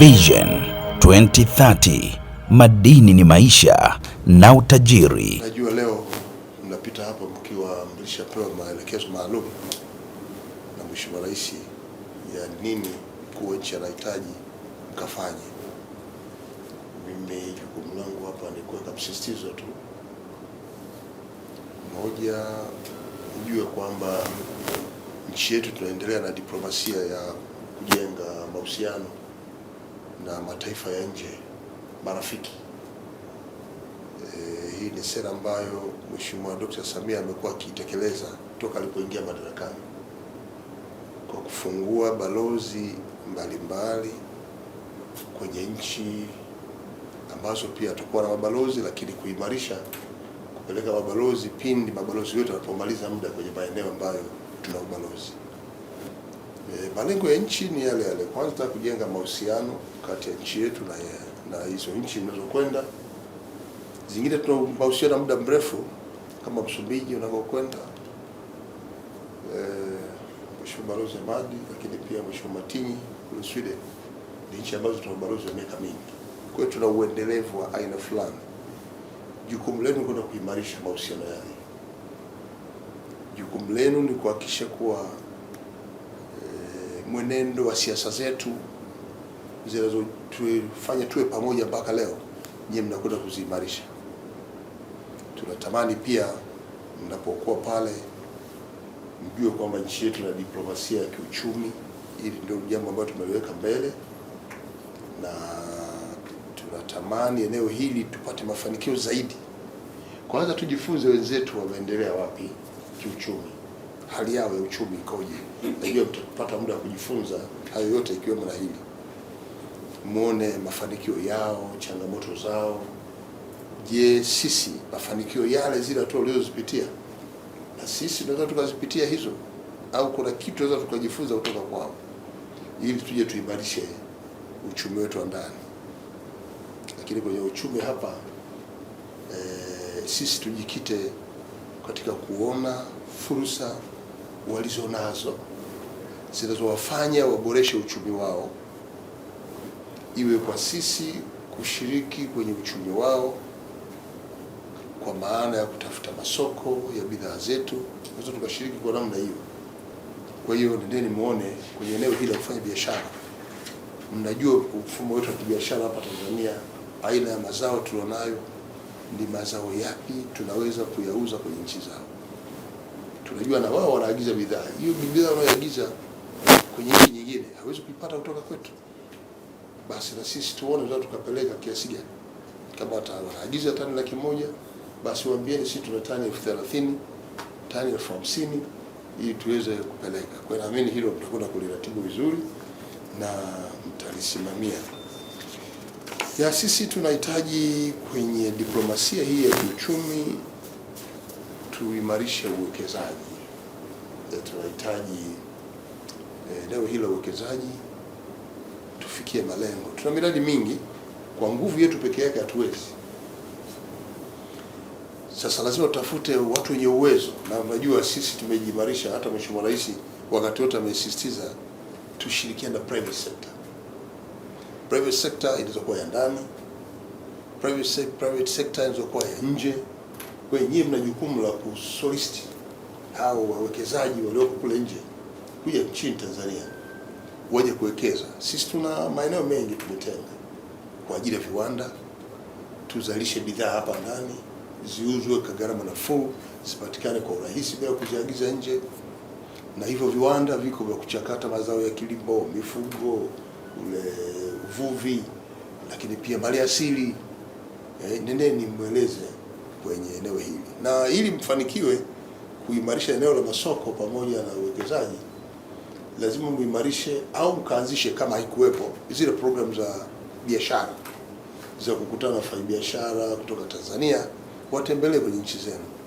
Vision 2030 madini ni maisha na utajiri. Najua leo mnapita hapa mkiwa mlishapewa maelekezo maalum na Mheshimiwa Rais ya nini mkuu wa nchi anahitaji mkafanye. Mimi jukumu langu hapa ni kuweka msisitizo tu, moja, ujue kwamba nchi yetu tunaendelea na diplomasia ya kujenga mahusiano na mataifa ya nje marafiki. E, hii ni sera ambayo Mheshimiwa Dkt. Samia amekuwa akiitekeleza toka alipoingia madarakani kwa kufungua balozi mbalimbali kwenye nchi ambazo pia atakuwa na mabalozi, lakini kuimarisha kupeleka mabalozi pindi mabalozi yote wanapomaliza muda kwenye maeneo ambayo tuna ubalozi. E, malengo ya nchi ni yale yale, kwanza kujenga mahusiano kati ya nchi yetu na, na hizo nchi zinazokwenda zingine. Tuna mahusiano muda mrefu kama Msumbiji unakokwenda e, Mheshimiwa Balozi Hamadi, lakini pia Mheshimiwa Matinyi kule Sweden, ni nchi ambazo tuna ubalozi wa miaka mingi. Kwa hiyo tuna uendelevu wa aina fulani. Jukumu lenu kwenda kuimarisha mahusiano yale, jukumu lenu ni kuhakikisha kuwa mwenendo wa siasa zetu zinazotufanya tuwe pamoja mpaka leo, nyie mnakwenda kuziimarisha. Tunatamani pia mnapokuwa pale mjue kwamba nchi yetu na diplomasia ya kiuchumi. ili ndio jambo ambalo tumeliweka mbele, na tunatamani eneo hili tupate mafanikio zaidi. Kwanza tujifunze wenzetu wameendelea wapi kiuchumi hali yao ya uchumi ikoje. hiyo mtapata muda wa kujifunza hayo yote ikiwemo na hili, muone mafanikio yao, changamoto zao. Je, sisi mafanikio yale zile hatua uliozipitia na sisi tunaweza tukazipitia hizo, au kuna kitu tunaweza tukajifunza kutoka kwao ili tuje tuimarishe uchumi wetu wa ndani. Lakini kwenye uchumi hapa e, sisi tujikite katika kuona fursa walizonazo zinazowafanya waboreshe uchumi wao, iwe kwa sisi kushiriki kwenye uchumi wao kwa maana ya kutafuta masoko ya bidhaa zetu, tunaweza tukashiriki kwa namna hiyo. Kwa hiyo nendeni muone kwenye eneo hili la kufanya biashara. Mnajua mfumo wetu wa kibiashara hapa Tanzania, aina ya mazao tulionayo ni mazao yapi tunaweza kuyauza kwenye nchi zao tunajua na wao wanaagiza bidhaa hiyo. Bidhaa wanayoagiza kwenye nchi nyingine hawezi kuipata kutoka kwetu, basi na sisi tuone tunaweza tukapeleka kiasi gani. Kama wanaagiza tani laki moja, basi waambieni sisi tuna tani elfu thelathini tani elfu hamsini ili tuweze kupeleka. Kwa hiyo naamini hilo mtakwenda kuliratibu vizuri na mtalisimamia. Ya sisi tunahitaji kwenye diplomasia hii ya kiuchumi tuimarishe uwekezaji. E, tunahitaji e, eneo hilo uwekezaji, tufikie malengo. Tuna miradi mingi, kwa nguvu yetu peke yake hatuwezi. Sasa lazima tutafute watu wenye uwezo, na unajua sisi tumejiimarisha. Hata Mheshimiwa Rais wakati wote amesisitiza tushirikiane na private sector. Private sector inaweza kuwa ya ndani, private sector inaweza kuwa ya nje. Kwa mna jukumu la kusolicit au wawekezaji walioko kule nje kuja nchini Tanzania waje kuwekeza. Sisi tuna maeneo mengi tumetenga kwa ajili ya viwanda, tuzalishe bidhaa hapa ndani, ziuzwe kwa gharama nafuu, zipatikane kwa urahisi bila kuziagiza nje, na hivyo viwanda viko vya kuchakata mazao ya kilimo, mifugo, ule uvuvi, lakini pia mali asili. Eh, nendeni mweleze kwenye eneo hili, na ili mfanikiwe kuimarisha eneo la masoko pamoja na uwekezaji, lazima muimarishe au mkaanzishe, kama haikuwepo, zile programu za biashara za kukutana na wafanyabiashara kutoka Tanzania watembelee kwenye nchi zenu.